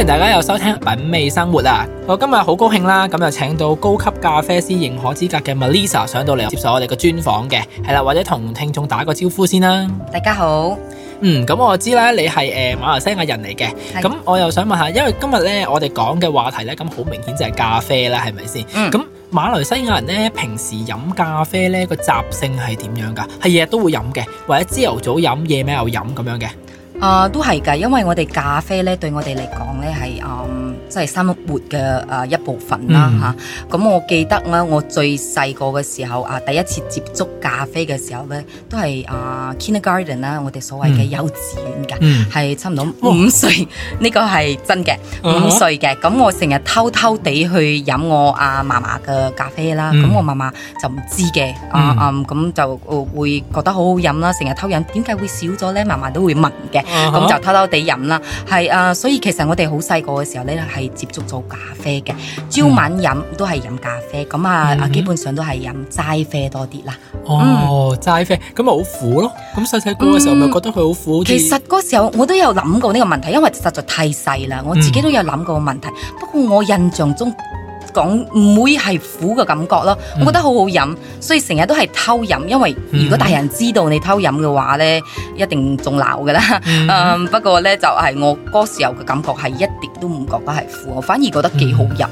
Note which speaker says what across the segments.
Speaker 1: 歡迎大家又收聽品味生活啊！我今日好高興啦，咁又請到高級咖啡師認可資格嘅 Melissa 上到嚟接受我哋嘅專訪嘅，係啦，或者同聽眾打個招呼先啦。大家好，嗯，咁我知啦，你係誒馬來西亞人嚟嘅，咁我又想問下，因為今日咧我哋講嘅話題咧，咁好明顯就係咖啡啦，係咪先？嗯，咁馬來西亞人咧平時飲咖啡咧個習性係點樣噶？係日日都會飲嘅，或者朝頭早飲，夜尾又飲咁樣嘅。
Speaker 2: 啊，uh, 都係噶，因為我哋咖啡咧，對我哋嚟講咧，係啊。Um 即係生活嘅誒一部分啦嚇，咁我記得咧，我最細個嘅時候啊，第一次接觸咖啡嘅時候咧，都係啊 kindergarten 啦，我哋所謂嘅幼稚園㗎，係差唔多五歲，呢個係真嘅五歲嘅。咁我成日偷偷地去飲我阿嫲嫲嘅咖啡啦，咁我嫲嫲就唔知嘅，啊咁就會覺得好好飲啦，成日偷飲，點解會少咗咧？嫲嫲都會問嘅，咁就偷偷地飲啦。係啊，所以其實我哋好細個嘅時候咧係接觸咗咖啡嘅，朝晚飲都係飲咖啡，咁啊、嗯，基本上都係飲齋啡多啲啦。哦，
Speaker 1: 齋啡、嗯，咁咪好苦咯。咁細細個嘅時候咪、嗯、覺得佢好苦。其實
Speaker 2: 嗰時候我都有諗過呢個問題，因為實在太細啦，我自己都有諗過個問題。嗯、不過我印象中。講唔會係苦嘅感覺咯，我覺得好好飲，嗯、所以成日都係偷飲，因為如果大人知道你偷飲嘅話呢，嗯、一定仲鬧噶啦。嗯、 不過呢，就係、是、我嗰時候嘅感覺係一啲都唔覺得係苦，我反而覺得幾好飲。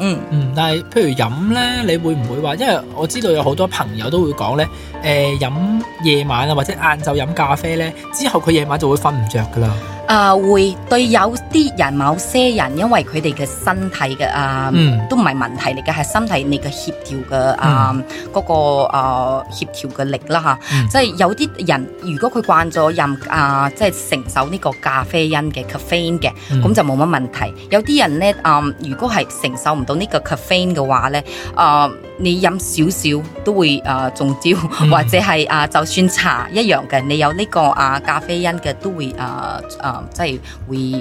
Speaker 2: 嗯，但係譬如飲呢，你會唔會話？因為我知道有好多朋
Speaker 1: 友都會講呢：呃「誒飲夜晚啊或者晏晝飲咖啡呢，之後佢夜晚就會瞓唔着噶啦。」
Speaker 2: 啊，會對有啲人某些人，因為佢哋嘅身體嘅啊，嗯、都唔係問題嚟嘅，係身體你嘅協調嘅啊，嗯嗰個啊協調嘅力啦吓，啊嗯、即係有啲人如果佢慣咗飲啊，即係承受呢個咖啡因嘅 caffeine 嘅，咁、嗯、就冇乜問題，有啲人咧啊，如果係承受唔到呢個 caffeine 嘅話咧，啊，你飲少少都會啊中招，或者係啊就算茶一樣嘅，你有呢個啊咖啡因嘅都會啊啊。啊啊啊啊啊啊啊即係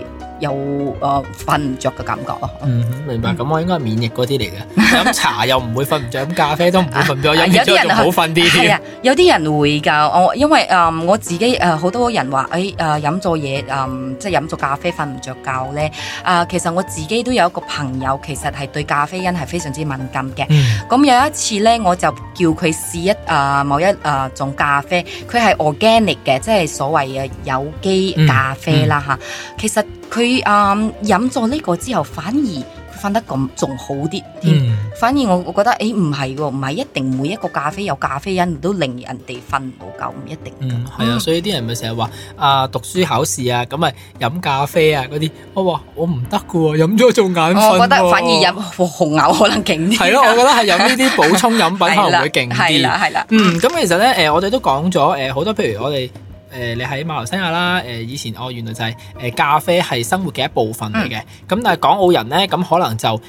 Speaker 2: 會。有誒瞓唔着嘅感覺咯，
Speaker 1: 嗯，明白。咁我應該免疫嗰啲嚟嘅，飲 茶又唔會瞓唔着，飲咖啡都唔會瞓唔著，有啲人好瞓啲。係啊，
Speaker 2: 有啲人會㗎、啊。我因為誒、呃、我自己誒好多人話誒誒飲咗嘢誒，即係飲咗咖啡瞓唔着覺咧。誒其實我自己都有一個朋友，其實係對咖啡因係非常之敏感嘅。咁有一次咧，我就叫佢試一誒某一誒種咖啡，佢係 organic 嘅，即係所謂嘅有機咖啡啦嚇。其實。佢啊，飲咗呢個之後，反而佢瞓得咁仲好啲。嗯。反而我，我覺得，誒、欸，唔係喎，唔係一定每一個咖啡有咖啡因都令人哋瞓唔到覺，唔一定。嗯，係啊，
Speaker 1: 所以啲人咪成日話啊，讀書考試啊，咁咪飲咖啡啊嗰啲，我話我唔得嘅喎，飲咗仲眼瞓、啊。我覺得反而飲
Speaker 2: 紅牛可能勁啲、啊。係咯，我覺得係飲呢啲補充飲品可能會勁啲。係啦， 係啦。嗯，
Speaker 1: 咁其實咧，誒，我哋都講咗，誒，好多，譬如我哋。誒，你喺馬來西亞啦，誒以前哦原來就係誒咖啡係生活嘅一部分嚟嘅。咁但係港澳人呢，咁可能就誒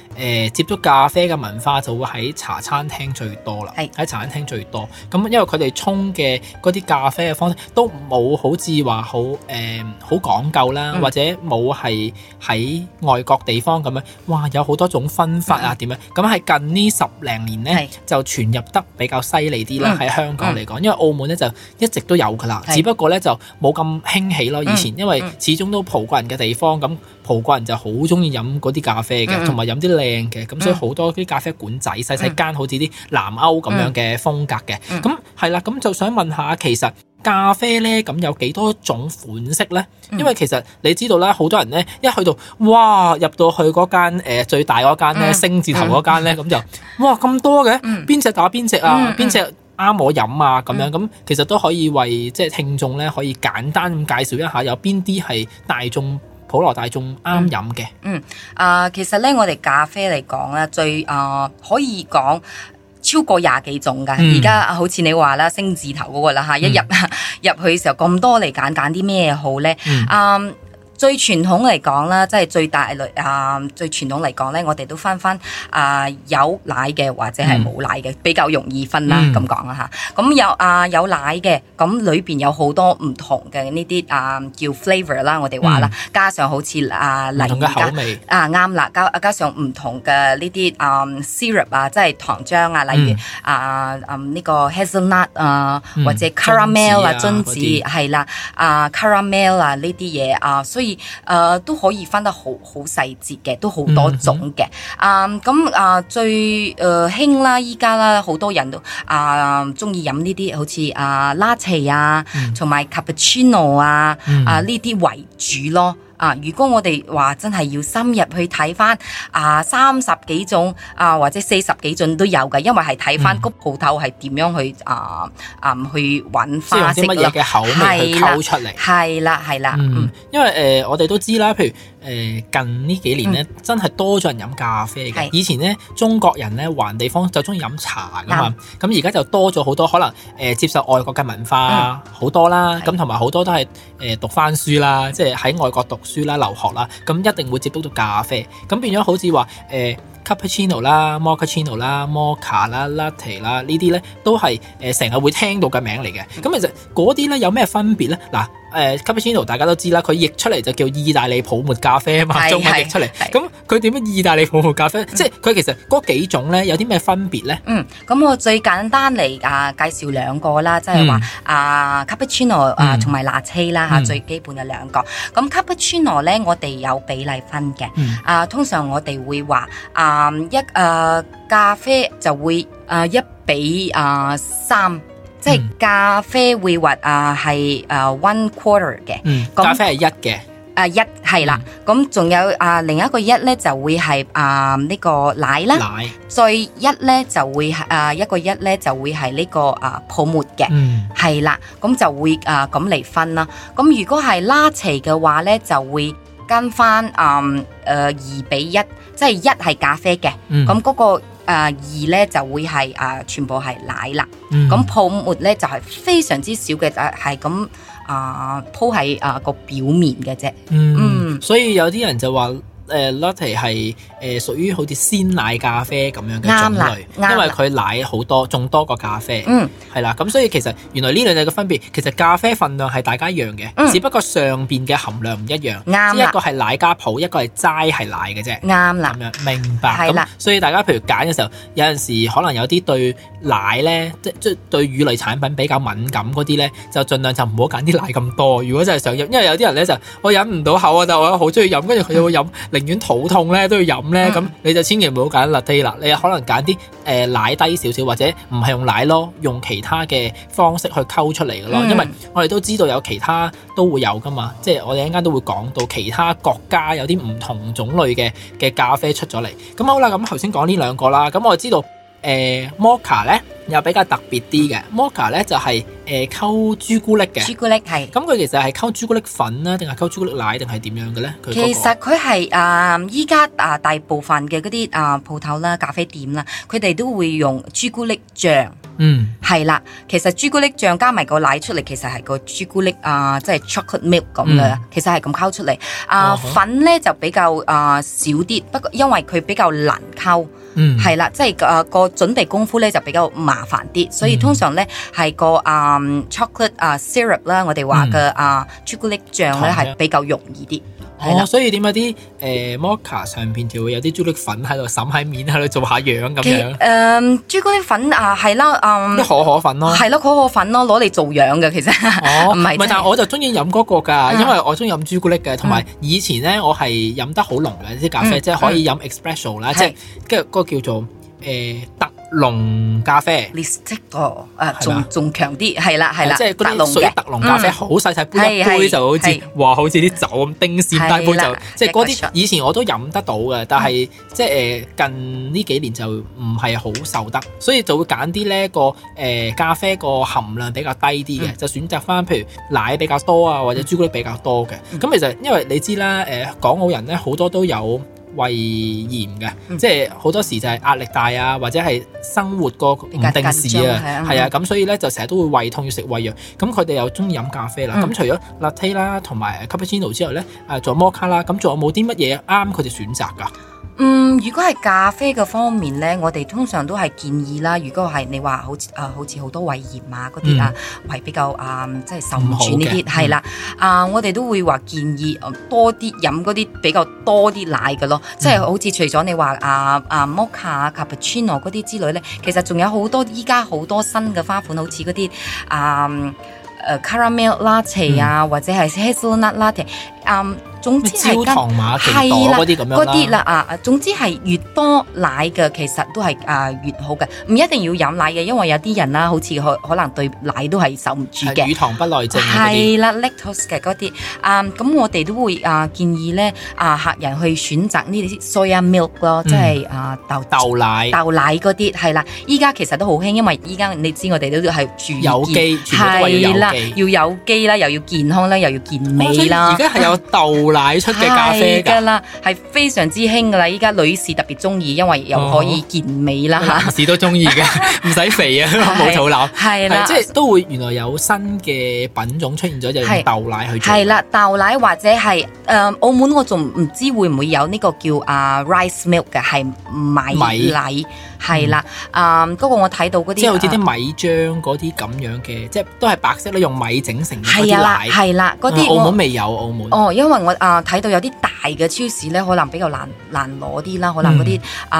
Speaker 1: 接觸咖啡嘅文化就會喺茶餐廳最多啦，喺茶餐廳最多，咁因為佢哋沖嘅嗰啲咖啡嘅方式都冇好似話好誒好講究啦，或者冇係喺外國地方咁樣，哇有好多種分法啊點樣。咁喺近呢十零年呢，就傳入得比較犀利啲啦，喺香港嚟講，因為澳門呢，就一直都有噶啦，只不過就冇咁興起咯，以前因為始終都葡國人嘅地方，咁葡國人就好鍾意飲嗰啲咖啡嘅，同埋飲啲靚嘅，咁所以好多啲咖啡館仔細細間，好似啲南歐咁樣嘅風格嘅，咁係啦，咁就想問下，其實咖啡咧咁有幾多種款式咧？因為其實你知道啦，好多人咧一去到，哇，入到去嗰間誒最大嗰間咧，星字頭嗰間咧，咁就哇咁多嘅，邊隻打邊隻啊，邊隻？啱我飲啊咁樣咁，嗯、其實都可以為即係聽眾咧，可以簡單咁介紹一下，有邊啲係大眾普羅大眾啱飲嘅。
Speaker 2: 嗯啊、呃，其實咧，我哋咖啡嚟講咧，最啊、呃、可以講超過廿幾種㗎。而家、嗯、好似你話啦，星字頭嗰、嗰個啦吓，一入、嗯、入去嘅時候咁多嚟揀揀啲咩好咧？呢嗯。嗯最傳統嚟講啦，即係最大類啊！最傳統嚟講咧，我哋都分分啊有奶嘅或者係冇奶嘅比較容易分啦。咁講啊吓，咁有啊有奶嘅，咁裏邊有好多唔同嘅呢啲啊叫 flavour 啦，我哋話啦，加上好似啊，例如啊啱啦，加啊加上唔同嘅呢啲啊 syrup 啊，即係糖漿啊，例如啊啊呢個 hazelnut 啊，或者 caramel 啊，榛子係啦，啊 caramel 啊呢啲嘢啊，所以。誒、呃、都可以分得好好細節嘅，都好多種嘅、嗯嗯啊呃。啊，咁啊最誒興啦，依家啦好多人都啊中意飲呢啲，好似啊 latte 啊，同埋 cappuccino 啊、嗯、ca 啊呢啲、嗯啊、為主咯。啊！如果我哋話真係要深入去睇翻啊，三十幾種啊，或者四十幾種都有嘅，因為係睇翻個鋪頭係點樣去啊啊去揾翻啲乜嘢嘅口味去溝出嚟。係啦，係啦，嗯、
Speaker 1: 因為誒、呃、我哋都知啦，譬如。誒近呢幾年咧，嗯、真係多咗人飲咖啡嘅。是以前咧，中國人咧，還地方就鍾意飲茶㗎嘛。咁而家就多咗好多，可能誒、呃、接受外國嘅文化好、嗯、多啦。咁同埋好多都係誒、呃、讀返書啦，即係喺外國讀書啦、留學啦。咁一定會接觸到咖啡。咁變咗好似話誒、呃、cappuccino 啦、mochaino 啦、mocha 啦、latte 啦，呢啲咧都係誒成日會聽到嘅名嚟嘅。咁其實嗰啲咧有咩分別咧？嗱、嗯。誒 Cappuccino 大家都知啦，佢譯出嚟就叫意大利泡沫咖啡啊嘛，中文譯出嚟。咁佢點樣意大利泡
Speaker 2: 沫咖啡？即係佢其實嗰幾
Speaker 1: 種咧有啲咩分別咧、嗯？
Speaker 2: 嗯，咁我最簡單嚟啊、呃、介紹兩個啦，即係話、嗯、啊 Cappuccino 啊同埋拿鐵啦嚇，最基本嘅兩個。咁 Cappuccino 咧，我哋有比例分嘅。嗯、啊，通常我哋會話啊一誒咖啡就會、嗯、啊一比啊三，即係咖啡會話啊，係誒 one quarter 嘅，咖啡係一嘅，啊一係啦，咁仲有啊另一個一咧就會係啊呢個奶啦，奶再一咧就會係啊一個一咧就會係呢個啊泡沫嘅，嗯係啦，咁就會啊咁嚟分啦，咁如果係拉齊嘅話咧就會跟翻啊誒二比一，即係一係咖啡嘅，咁嗰個。誒二咧就會係誒、呃、全部係奶啦，咁、嗯、泡沫咧就係、是、非常之少嘅誒，係咁啊鋪喺誒個表面嘅啫。嗯，
Speaker 1: 嗯、所以有啲人就話。誒、呃、latte 係誒屬、呃、於好似鮮奶咖啡咁樣嘅種類，因為佢奶好多，仲多過咖啡。嗯，係啦，咁所以其實原來呢兩隻嘅分別，其實咖啡份量係大家一樣嘅，嗯、只不過上邊嘅含量唔一樣。啱了一個係奶加泡，一個係齋係奶嘅啫。啱啦了，明白。係啦了，所以大家譬如揀嘅時候，有陣時可能有啲對奶咧，即、就、即、是、對乳類產品比較敏感嗰啲咧，就儘量就唔好揀啲奶咁多。如果真係想飲，因為有啲人咧就我飲唔到口啊，但係我好中意飲，跟住佢就會飲。 寧願肚痛咧都要飲咧，咁、嗯、你就千祈唔好揀 latte 啦，嗯、你可能揀啲誒奶低少少或者唔係用奶咯，用其他嘅方式去溝出嚟嘅咯，嗯、因為我哋都知道有其他都會有噶嘛，即係我哋一間都會講到其他國家有啲唔同種類嘅嘅咖啡出咗嚟，咁好啦，咁頭先講呢兩個啦，咁我哋知道。誒摩卡咧又比較特別啲嘅，摩卡咧就係誒溝朱古力嘅。朱古力係。咁佢、嗯、其實係溝朱古力粉啦，定係溝朱古力奶定係點樣嘅咧？那個、其實
Speaker 2: 佢係誒依家啊大部分嘅嗰啲啊鋪頭啦，咖啡店啦，佢哋都會用朱古力醬。嗯，係啦，其實朱古力醬加埋個奶出嚟，其實係個朱古力啊、呃，即係 chocolate milk 咁樣，嗯、其實係咁溝出嚟。啊、呃，哦、粉咧就比較啊、呃、少啲，不過因為佢比較難溝，係啦、嗯，即係個個準備功夫咧就比較麻煩啲，所以通常咧係、嗯、個啊、呃、chocolate 啊、呃、syrup 啦，我哋話嘅啊朱古力醬咧係比較容易啲。
Speaker 1: 係啊，哦、的所以點解啲誒摩卡上邊就會有啲朱古力粉喺度，沈喺面喺度做下樣咁樣。誒、呃，
Speaker 2: 朱古力粉啊，係啦，嗯，啲可
Speaker 1: 可粉咯、啊，係
Speaker 2: 咯，可可粉咯、啊，攞嚟做樣嘅其實。哦，唔
Speaker 1: 係、就是，唔係，但係我就中意飲嗰個噶，因為我中意飲朱古力嘅，同埋以前咧我係飲得好濃嘅啲咖啡，嗯、即係可以飲 Espres< 是> so 啦，即係跟住嗰個叫做誒特，呃濃咖啡，呢
Speaker 2: 仲仲強啲，係啦係啦，啦嗯、即係嗰啲屬於特濃咖啡，好、
Speaker 1: 嗯、細細杯一杯就好似話是好似啲酒咁丁線，但啦杯就即係嗰啲以前我都飲得到嘅，但係、嗯、即係誒、呃、近呢幾年就唔係好受得，所以就會揀啲呢個誒、呃、咖啡個含量比較低啲嘅，嗯、就選擇翻譬如奶比較多啊，或者朱古力比較多嘅，咁、嗯嗯、其實因為你知啦，誒、呃、港澳人咧好多都有。胃炎嘅，嗯、即係好多時就係壓力大啊，或者係生活個唔定時啊，係、嗯、啊咁，所以咧就成日都會胃痛要食胃藥。咁佢哋又中意飲咖啡啦。咁、嗯啊、除咗 latte 啦，同埋 cappuccino 之外咧，誒，仲摩卡啦，咁仲有冇啲乜嘢啱佢哋選擇噶？
Speaker 2: 嗯，如果係咖啡嘅方面咧，我哋通常都係建議啦。如果係你話好似、呃、啊，好似好多胃炎啊嗰啲啊，胃、嗯、比較啊、呃、即係受唔住呢啲，係啦啊、呃嗯嗯，我哋都會話建議多啲飲嗰啲比較多啲奶嘅咯。即係、嗯、好似除咗你話、呃、啊啊 mocha 啊 cappuccino 嗰啲之類咧，其實仲有好多依家好多新嘅花款，好似嗰啲啊、呃、誒、呃呃、caramel latte 啊，或者係 Hazelnut latte。嗯，總之係啦，係啦，嗰啲咁樣，嗰啲啦啊，總之係越多奶嘅其實都係啊越好嘅，唔一定要飲奶嘅，因為有啲人啦，好似可可能對奶都係受唔住嘅乳糖不耐症，係啦，Lactose 嘅嗰啲啊，咁我哋都會啊建議咧啊客人去選擇呢啲 soy milk 咯，即係啊豆豆奶豆奶嗰啲係啦，依家其實都好興，因為依家你知我哋都係注意係啦，要有機啦，又要健康啦，又要健美啦，而家係有。豆奶出嘅咖啡噶啦，係非常之興噶啦！依家女士特別中意，因為又可以健美啦吓，男
Speaker 1: 士都中意嘅，唔使肥啊，冇肚腩係啦，即係都會。原來有新嘅品種出現咗，就用豆奶去係
Speaker 2: 啦，豆奶或者係誒，澳門我仲唔知會唔會有呢個叫啊 rice milk 嘅，係米奶。係啦，啊，不過我睇到嗰啲即係好似啲米漿
Speaker 1: 嗰啲咁樣嘅，即係都係白色咧，用米整成嗰啲奶，係啦，嗰啲澳門未有澳門。哦，
Speaker 2: 因為我啊睇到有啲大嘅超市咧，可能比較難難攞啲啦，可能嗰啲啊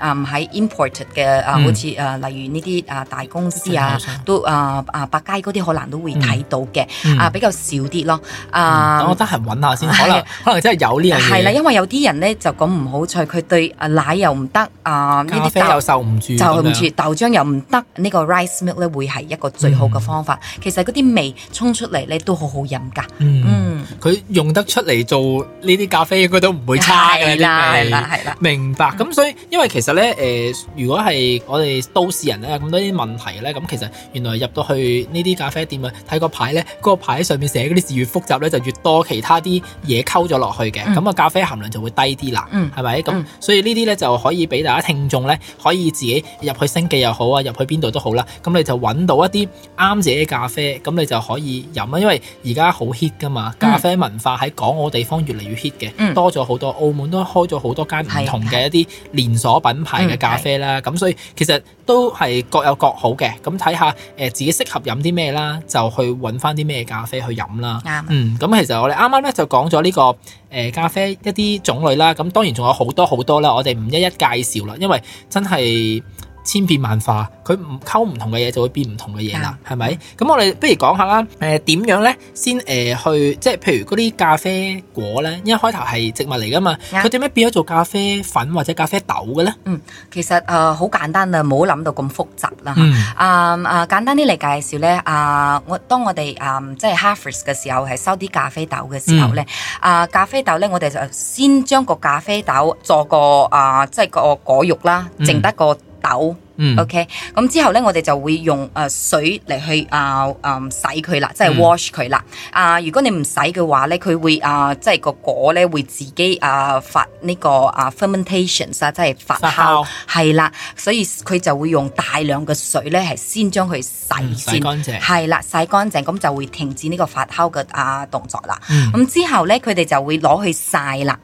Speaker 2: 啊唔係 import 嘅啊，好似啊例如呢啲啊大公司啊，都啊啊百佳嗰啲可能都會睇到嘅，啊比較少啲咯。啊，我得閒揾下先，可能可能真係有呢樣嘢。係啦，因為有啲人咧就咁唔好彩，佢對啊奶又唔得啊呢啲。就受唔住，就受唔住。樣豆漿又唔得，呢、這個 rice milk 咧會係一個最好嘅方法。嗯、其實嗰啲味沖出嚟咧都好好飲㗎。嗯，佢、嗯、用得出嚟做呢啲咖啡，應該都唔會差㗎啦。係啦，係啦，
Speaker 1: 明白。咁、嗯、所以因為其實咧，誒、呃，如果係我哋都市人咧咁多啲問題咧，咁其實原來入到去呢啲咖啡店啊，睇個牌咧，嗰、那個牌上面寫嗰啲字越複雜咧，就越多其他啲嘢溝咗落去嘅，咁啊、嗯、咖啡含量就會低啲啦。嗯，係咪咁？所以呢啲咧就可以俾大家聽眾咧。可以自己入去升記又好啊，入去邊度都好啦。咁你就揾到一啲啱自己嘅咖啡，咁你就可以飲啦。因為而家好 hit 噶嘛，嗯、咖啡文化喺港澳地方越嚟越 hit 嘅，嗯、多咗好多。澳門都開咗好多間唔同嘅一啲連鎖品牌嘅咖啡啦。咁、嗯、所以其實都係各有各好嘅。咁睇下誒自己適合飲啲咩啦，就去揾翻啲咩咖啡去飲啦。啱。嗯，咁、嗯、其實我哋啱啱咧就講咗呢個。誒咖啡一啲種類啦，咁當然仲有好多好多啦，我哋唔一一介紹啦，因為真係，千變萬化，佢唔溝唔同嘅嘢就會變唔同嘅嘢啦，係咪的？咁我哋不如講下啦，誒、呃、點樣咧先誒、呃、去即係譬如嗰啲咖啡果咧，一開頭係植物嚟噶嘛，佢點解變咗做咖啡粉或者咖啡
Speaker 2: 豆嘅咧？嗯，其實誒好、呃、簡單、嗯、啊，冇好諗到咁複雜啦嚇。啊，簡單啲嚟介紹咧啊，我當我哋啊即係哈 a r 嘅時候係收啲咖啡豆嘅時候咧、嗯、啊，咖啡豆咧，我哋就先將個咖啡豆做個啊即係個果肉啦，淨得個。豆、嗯、OK，咁之後咧，我哋就會用誒、呃、水嚟去啊誒、呃嗯嗯、洗佢啦，即係 wash 佢啦。啊，如果你唔洗嘅話咧，佢會啊，即、呃、係、就是、個果咧會自己啊、呃、發呢、這個啊 fermentation 啊，Fer 即係發酵，係啦口，所以佢就會用大量嘅水咧，係先將佢洗，嗯、洗乾淨，係啦，洗乾淨，咁就會停止呢個發酵嘅啊動作啦。咁、嗯嗯嗯、之後咧，佢哋就會攞去曬啦。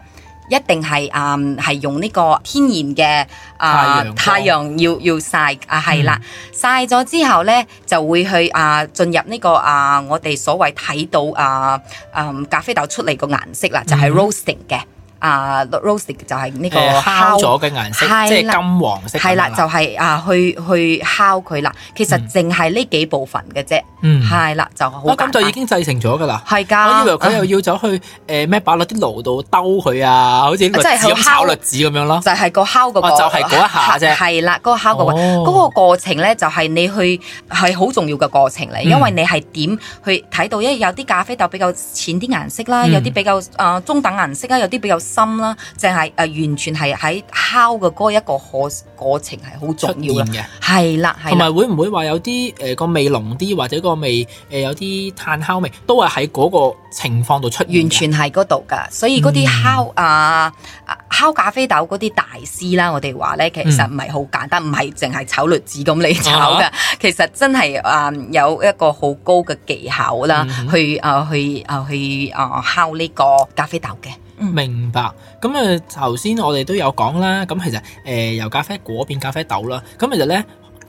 Speaker 2: 一定係、um, 用呢個天然嘅、uh, 太陽要要曬啊係啦，曬咗、嗯、之後呢，就會去啊進、uh, 入呢、這個啊、uh, 我哋所謂睇到啊、uh, um, 咖啡豆出嚟個顏色啦，就係、是、roasting 嘅。嗯啊 roasting 就係呢個烤咗嘅顏色，即係金黃色。係啦，就係啊，去去烤佢啦。其實淨係呢幾部分嘅啫。嗯，係啦，就好簡單。我咁就已
Speaker 1: 經製成咗㗎啦。
Speaker 2: 係㗎。我以為佢又要
Speaker 1: 走去誒咩擺落啲爐度兜佢啊，好似栗子炒栗子咁樣咯。就係
Speaker 2: 個烤嗰個。哇！就係嗰一下啫。係啦，嗰個烤嗰個嗰個過程咧，就係你去係好重要嘅過程嚟，因為你係點去睇到因有啲咖啡豆比較淺啲顏色啦，有啲比較啊中等顏色啦，有啲比較。心啦，淨係誒，完全係喺烤嘅嗰一個過過程係好重要嘅，係啦，係。同
Speaker 1: 埋會唔會話有啲誒個味濃啲，或者個味誒、呃、有啲炭烤味，都係喺嗰個情況度出現，完
Speaker 2: 全係嗰度噶，所以嗰啲烤、嗯、啊，烤咖啡豆嗰啲大師啦，我哋話咧，其實唔係好簡單，唔係淨係炒栗子咁嚟炒噶，啊、哈其實真係啊、嗯、有一個好高嘅技巧啦，去、嗯、去啊去啊去啊烤呢、啊啊啊啊啊 uh, 啊、個咖啡豆嘅。
Speaker 1: 明白，咁啊，頭先我哋都有講啦，咁其實誒、呃、由咖啡果變咖啡豆啦，咁其實咧，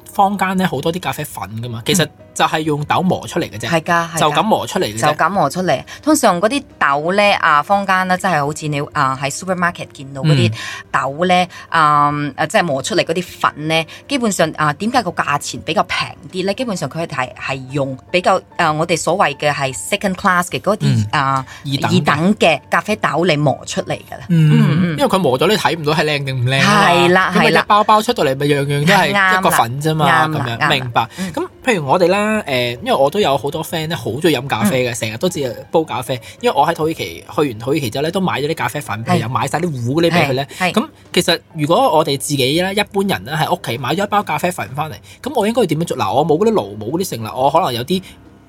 Speaker 1: 坊間咧好多啲咖啡粉㗎嘛，其實、嗯。就係用豆磨出嚟嘅啫，係
Speaker 2: 噶，就咁磨出嚟嘅啫，就咁磨出嚟。通常嗰啲豆咧，啊，坊間咧，即係好似你啊喺 supermarket 見到嗰啲豆咧，嗯、啊，即係磨出嚟嗰啲粉咧，基本上啊，點解個價錢比較平啲咧？基本上佢係係用比較誒、啊，我哋所謂嘅係 second class 嘅嗰啲啊二等嘅咖啡豆嚟磨出嚟噶啦。嗯嗯、因為佢磨咗你睇唔到係靚定唔靚啊。係啦係啦，一
Speaker 1: 包包出到嚟咪樣樣都係一個粉啫、啊、嘛，咁樣明白咁。譬如我哋啦，誒，因為我都有好多 friend 咧，好中意飲咖啡嘅，成日都自己煲咖啡。因為我喺土耳其去完土耳其之後咧，都買咗啲咖啡粉，係是又買晒啲糊嗰啲俾佢咧。咁其實如果我哋自己咧，一般人咧喺屋企買咗一包咖啡粉翻嚟，咁我應該要點樣做？嗱，我冇嗰啲爐，冇嗰啲成啦，我可能有啲。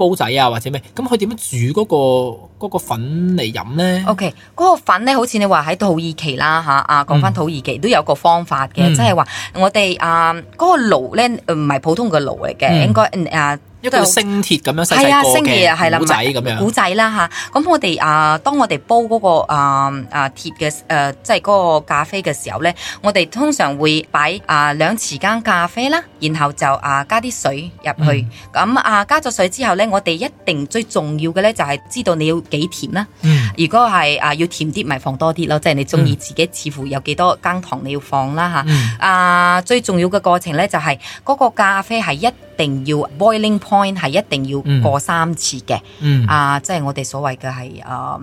Speaker 1: 煲仔啊，或者咩？咁佢點樣煮嗰個嗰個粉嚟
Speaker 2: 飲咧？OK，嗰個粉咧，好似你話喺土耳其啦吓，啊，講返土耳其、嗯、都有個方法嘅，即係話我哋啊嗰個爐咧唔係普通嘅爐嚟嘅，嗯、應該啊。一個星鐵咁樣細細個嘅古仔咁樣古仔啦吓，咁、啊、我哋啊，當我哋煲嗰、那個啊啊鐵嘅誒，即係嗰個咖啡嘅時候咧，我哋通常會擺啊兩匙羹咖啡啦，然後就啊加啲水入去。咁、嗯、啊加咗水之後咧，我哋一定最重要嘅咧就係知道你要幾甜啦。嗯、如果係啊要甜啲，咪放多啲咯，即、就、係、是、你中意自己、嗯、似乎有幾多羹糖你要放啦吓、啊啊，啊，最重要嘅過程咧就係嗰個咖啡係一。一定要 boiling point 係一定要過三次嘅。嗯嗯、啊，即係我哋所謂嘅係誒誒。呃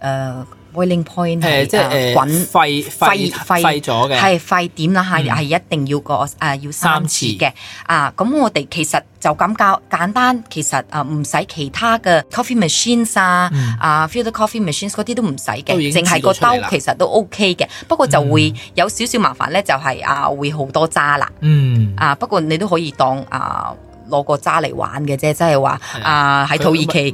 Speaker 2: 呃會令 point，誒即係滾沸沸沸咗嘅係沸點啦，嚇，係一定要個誒，要三次嘅啊！咁我哋其實就咁教簡單，其實啊唔使其他嘅 coffee machines 啊，啊 filter coffee machines 嗰啲都唔使嘅，淨係個兜其實都 OK 嘅。不過就會有少少麻煩咧，就係啊會好多渣啦。嗯啊，不過你都可以當啊。攞個渣嚟玩嘅啫，即係話啊，喺的、呃、土耳其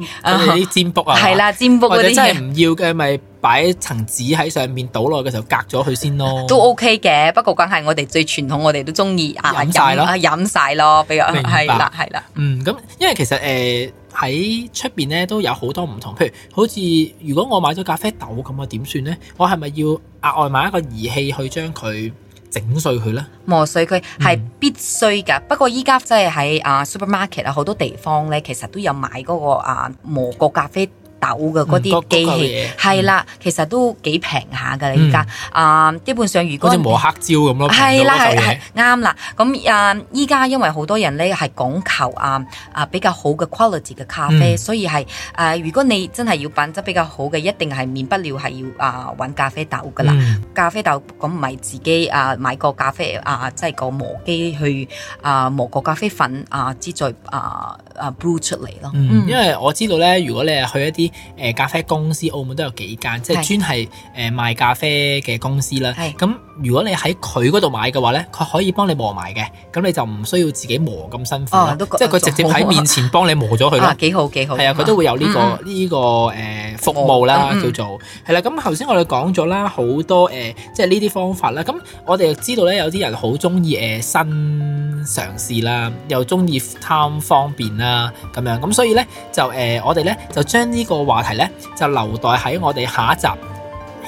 Speaker 2: 嗰啲占卜啊，係啦，占卜嗰啲嘢，或者真係唔
Speaker 1: 要嘅，咪擺一層紙喺上面倒落去嘅時候隔咗佢先咯。都
Speaker 2: OK 嘅，不過梗係我哋最傳統，我哋都中意飲曬咯，飲曬咯，比較係啦，係啦白。嗯，
Speaker 1: 咁因為其實誒喺出邊咧都有好多唔同，譬如好似如果我買咗咖啡豆咁啊，點算咧？我係咪要額外買一個儀器去將佢？整碎佢咧，
Speaker 2: 磨碎佢係必須噶。嗯、不過依家真係喺、啊、supermarket 好多地方咧，其實都有買嗰、那個、啊、磨谷嘅咖啡粉。豆嘅嗰啲機器係啦，其實都幾平下噶而家啊，基本上如果磨黑椒咁咯，係啦係係啱啦。咁啊，依家因為好多人咧係講求啊啊比較好嘅 quality 嘅咖啡，所以係誒如果你真係要品質比較好嘅，一定係免不了係要啊揾咖啡豆噶啦。咖啡豆咁唔係自己啊買個咖啡啊即係個磨機去啊磨個咖啡粉啊之再啊啊 brew 出嚟咯。因為我知道咧，如果你係去一啲。誒，咖啡公司澳門
Speaker 1: 都有幾間，即係專係誒賣咖啡嘅公司啦。係咁，如果你喺佢嗰度買嘅話咧，佢可以幫你磨埋嘅，咁你就唔需要自己磨咁辛苦啦。哦，都即係佢直接喺面前幫你磨咗佢咯。啊，幾好幾好。係啊，佢都會有呢個呢個誒服務啦，叫做係啦。咁頭先我哋講咗啦，好多誒，即係呢啲方法啦。咁我哋知道咧，有啲人好中意誒新嘗試啦，又中意貪方便啦，咁樣咁，所以咧就誒，我哋咧就將呢個。個話題呢，就留待喺我哋下一集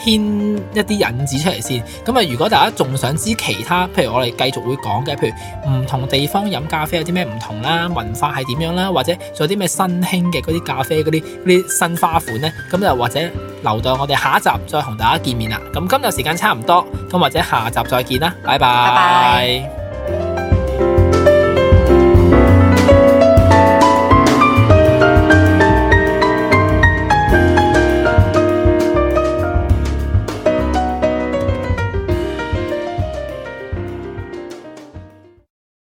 Speaker 1: 牽一啲引子出嚟先。咁啊，如果大家仲想知其他，譬如我哋繼續會講嘅，譬如唔同地方飲咖啡有啲咩唔同啦，文化係點樣啦，或者仲有啲咩新興嘅嗰啲咖啡嗰啲啲新花款呢，咁就或者留待我哋下一集再同大家見面啦。咁今日時間差唔多，咁或者下集再見啦，拜拜。拜拜。